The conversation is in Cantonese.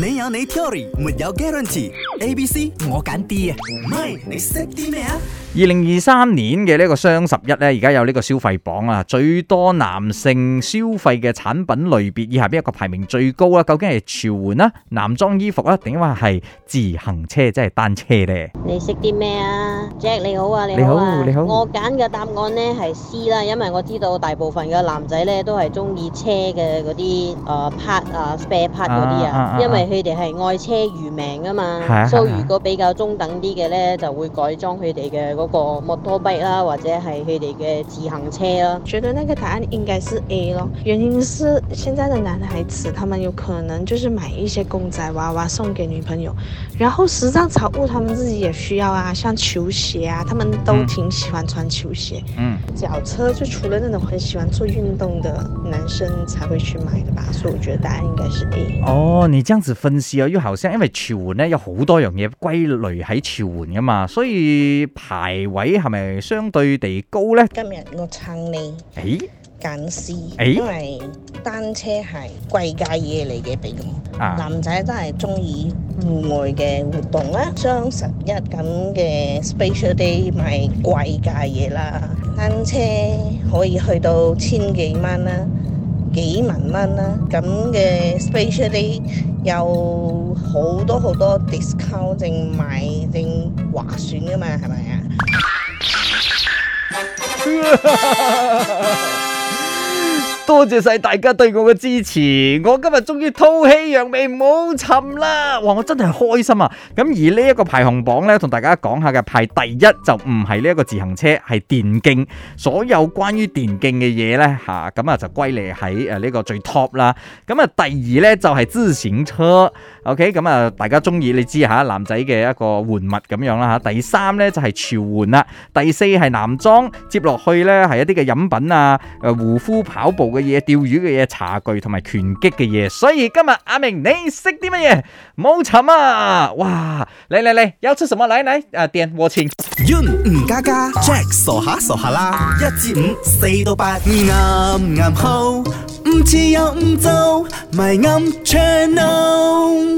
你有你 theory 沒有 guarantee。A、B、C 我揀 D 啊！MY，你識啲咩啊？二零二三年嘅呢個雙十一咧，而家有呢個消費榜啊，最多男性消費嘅產品類別以下邊一個排名最高啦，究竟係潮玩啊？男裝衣服啊？定話係自行車即係單車咧？你識啲咩啊？Jack 你好啊，你好啊，你好你好，我揀嘅答案呢係 C 啦，因為我知道大部分嘅男仔咧都係中意車嘅嗰啲誒 part 啊、呃、spare part 啲啊，因為。佢哋係愛車如命啊嘛， 所以如果比較中等啲嘅咧，就會改裝佢哋嘅嗰個摩托 bike 啦，或者係佢哋嘅自行車啊。覺得那個答案應該是 A 咯，原因是現在的男孩子，他們有可能就是買一些公仔娃娃送給女朋友，然後時尚潮物，他們自己也需要啊，像球鞋啊，他們都挺喜歡穿球鞋。嗯。腳車就除了那種很喜歡做運動的男生，才會去買的吧，所以我覺得答案應該是 A。哦，oh, 你這樣子。份事又要後生，因為潮玩咧有好多樣嘢歸類喺潮玩㗎嘛，所以排位係咪相對地高咧？今日我撐你，哎、欸，簡師，因為單車係貴價嘢嚟嘅，俾咁、啊、男仔都係中意戶外嘅活動啦。雙十一咁嘅 special day 賣貴價嘢啦，單車可以去到千幾蚊啦。幾萬蚊啦，咁嘅，especially 有好多好多 discount，正賣正划算㗎嘛，係咪啊？多謝晒大家對我嘅支持，我今日終於吐氣揚眉，唔好沉啦！哇，我真係開心啊！咁而呢一個排行榜呢，同大家講下嘅排第一就唔係呢一個自行車，係電競。所有關於電競嘅嘢呢，吓、啊，咁啊就歸嚟喺誒呢個最 top 啦。咁啊，第二呢，就係、是、自行車。OK，咁啊，大家中意你知下男仔嘅一個玩物咁樣啦吓。第三咧就係潮玩啦，第四係男裝。接落去咧係一啲嘅飲品啊，誒護膚、跑步嘅嘢、釣魚嘅嘢、茶具同埋拳擊嘅嘢。所以今日阿明，你識啲乜嘢冇沉啊？哇！嚟嚟嚟，又出什麼嚟嚟？啊掂和錢。唔加加，Jack 傻下傻下啦。嗯、一至五，四到八。嗯嗯嗯嗯哦嗯、啱啱？好、嗯，唔似有唔做，咪暗 channel。嗯嗯嗯